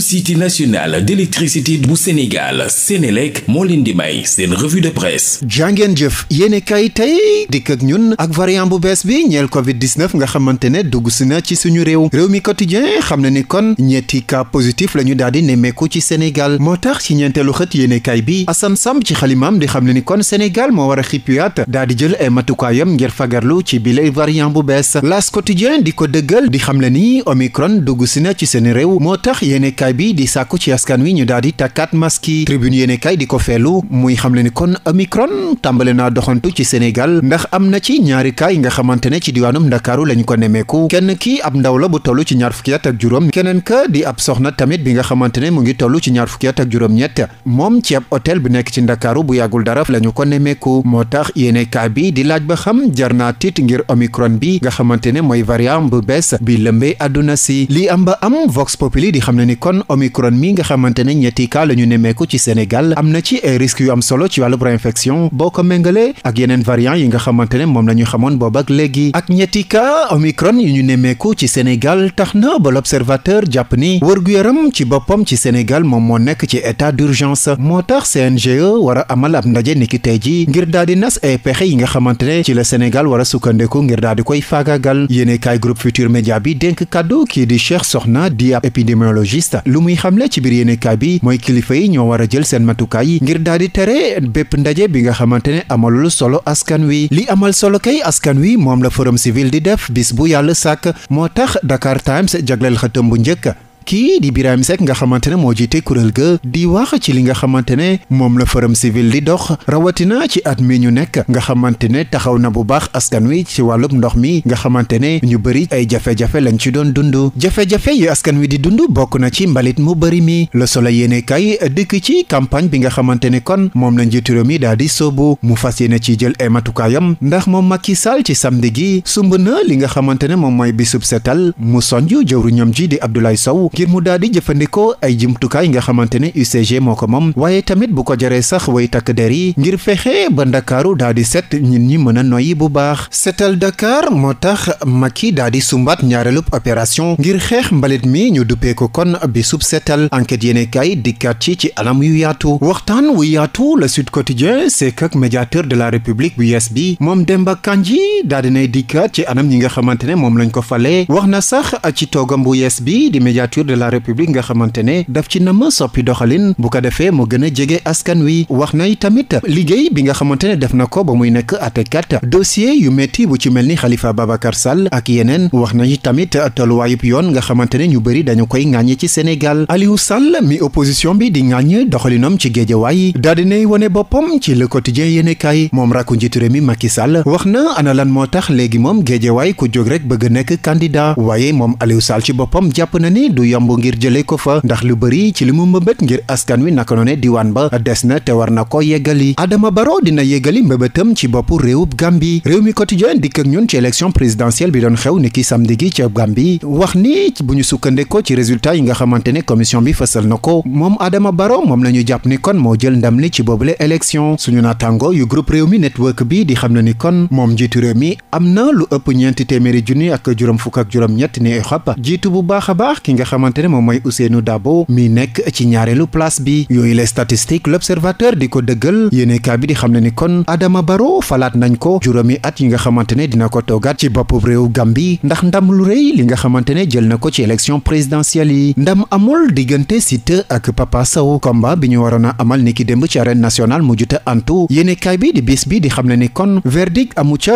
société nationale d'électricité bu Sénégal Sénélec moo leen di may seen revue de presse jàngeen jëf yéene kay tey dikk ak ñun ak variant bu bees bi ñeel covid 19 nga xamante ne dugg si na ci suñu réew réew mi quotidien xam na ni kon ñetti cas positif la ñu daal di nemmeeku ci Sénégal moo tax ci ñeenteelu xët yéene kay bi Assane sam ci xalimaam di xam ne ni kon Sénégal moo war a xippiwaat daal di jël ay matukaayam ngir fagarlu ci bile variant bu bees L'As quotidien di yéenekaay bi di sàkku ci askan wi ñu daal di takkaat masque yi tribune yéenekaay di ko feelu muy xamle ni kon omicron ci Sénégal ndax am na ci ñaari ko nemmeeku kenn ki ab ndaw la bu toll ci ñaar fukki at ak juróom keneen ka di ab soxna tamit bi nga xamante ne mu ngi toll ci ñaar fukki at ak juróom ñett moom ci ab hôtel bu nekk ci Ndakaaru bu yàggul dara lañu ko nemmeeku moo tax yéenekaay bi di laaj ba xam jar naa tiit ngir omicron bi nga xamante ne mooy variant bu bees bi lëmbee àdduna si li am ba am vox populi di xam ni kon omicron mi nga xamante ne ñetti cas la ñu nemmeeku ci Sénégal am na ci ay risques yu am solo ci wàllu réinfection boo ko méngalee ak yeneen variant yi nga xamante ne moom la xamoon boobu ak léegi ak ñetti cas omicron yu ñu nemmeeku ci Sénégal tax na ba l'observateur jàpp ni wërgu-yaram ci boppam ci Sénégal moom moo nekk ci état d'urgence moo tax CNGE war a amal ab ndaje niki tey ji ngir daal di nas ay pexe yi nga xamante ne ci la Sénégal war a sukkandiku ngir daal di koy faagaagal yéene kaay groupe bi dénk kàddu kii di Cheikh Soxna di ab épidémiologiste lu muy xamle ci biir yéenekaay bi mooy kilifa yi ñoo war a jël seen matukaay yi ngir daal di tere bépp ndaje bi nga xamante ne amalul solo askan wi li amal solo kay askan wi moom la forum civil di def bis bu yàlla sàkk moo tax Dakar Times jagleel xëtam bu njëkk kii di Birahim Seck nga xamante ne moo jiite kuréel ga di wax ci li nga xamante ne moom la fëram civil di dox rawatina ci at mi ñu nekk nga xamante ne taxaw na bu baax askan wi ci wàllub ndox mi nga xamante ne ñu bëri ay jafe-jafe lañ ci doon dund jafe-jafe yi askan wi di dund bokk na ci mbalit mu bëri mi la Soleil yéene kay dëkk ci campagne bi nga xamante ne kon moom la njiitu réew mi daal di sóobu mu fas yéene ci jël ay matukaayam ndax mag Macky Sall ci samedi gi sumb na li nga xamante ne moom mooy bisub setal mu sonj jëwru ñoom ji di Abdoulaye Sow ngir mu daal di jëfandikoo ay jumtukaay nga xamante ne UCG moo ko moom waaye tamit bu ko jaree sax way takk der yi ngir fexe ba ndakaaru daal di set nit ñi mën a noyyi bu baax setal Dakar moo tax Macky daal di sumbaat ñaareelub opération ngir xeex mbalit mi ñu duppee ko kon bi sub setal enquête yéene kaay dikkaat ci ci anam yu yaatu waxtaan wu yaatu le Sud Quotidien c'est ak médiateur de la République bu yees bi moom Demba Kandji daal dinay dikkaat ci anam ñi nga xamante ne moom lañ ko fale préfecture de la république nga xamante ne ci namm soppi doxalin bu ko defee mu gën a jege askan wi wax na tamit liggéey bi nga xamante ne def na ko ba muy nekk àttekat dossier yu métti bu ci mel ni Khalifa Babacar Sall ak yeneen wax na tamit tolluwaayub yoon nga xamante ne ñu bëri dañu koy ŋàññi ci Sénégal Aliou Sall mi opposition bi di ŋàññ doxalinam ci géejawaay daal dinay wone boppam ci Le Quotidien yéenekaay moom rakku njiitu réew mi Macky Sall wax na ana lan moo tax léegi moom géejawaay ku jóg rek bëgg nekk candidat waaye moom Aliou Sall ci boppam jàpp na ni du yomb ngir jële ko fa ndax lu bëri ci li mu mbëbët ngir askan wi naka noone diwaan ba des na te war na ko yeggali Adama Barrow dina yeggali mbëbëtam ci boppu réewub Gambie réew mi quotidien dikk ak ñun ci élection présidentielle bi doon xew ni ki samedi gi ca Gambie wax ni bu ñu sukkandekoo ci résultat yi nga xamante ne commission bi fësal na ko moom Adama Barrow moom la ñu jàpp ni kon moo jël ndam li ci boobule élection suñu naataango yu groupe réew na lu ëpp ñeenti téeméeri junni ak juróom fukk ak juróom ñett ni xop jiitu bu a xamante ne moom mooy Ousseynou Dabo mi nekk ci ñaareelu place bi yooyu les statistiques l'observateur di ko dëggal yéene bi di xam ne ni kon Adama Barrow falaat nañ ko juróomi at yi nga xamante ne dina ko toogaat ci boppu réew Gambie ndax ndam lu rëy li nga xamante ne jël na ko ci élection présidentielle yi ndam amul diggante Siteu ak Papa Sow combat bi ñu waroon a amal niki démb ci arène nationale mujjuta antu yéene bi di bis bi di xam ni kon verdict amu ca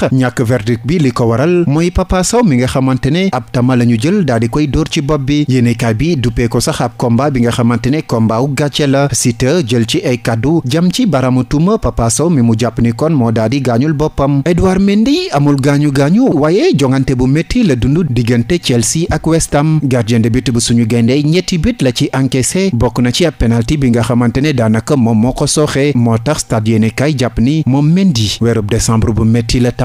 sax ñàkk verdict bi li ko waral mooy Papa Sow mi nga xamante ne ab tama la ñu jël daal di koy dóor ci bopp bi yéenekaay bi duppee ko sax ab combat bi nga xamante ne combat wu gàcce la Siteu jël ci ay kàddu jam ci baramu tuuma mi mu jàpp ni kon moo daal di gaañul boppam Edouard Mendy amul gaañu gaañu waaye jongante bu métti la dund diggante Chelsea ak westam Ham gardien de but bu suñu gayndey ñetti but la ci encaissé bokk na ci ab penalty bi nga xamante ne daanaka moom moo ko sooxee moo tax stade yéenekaay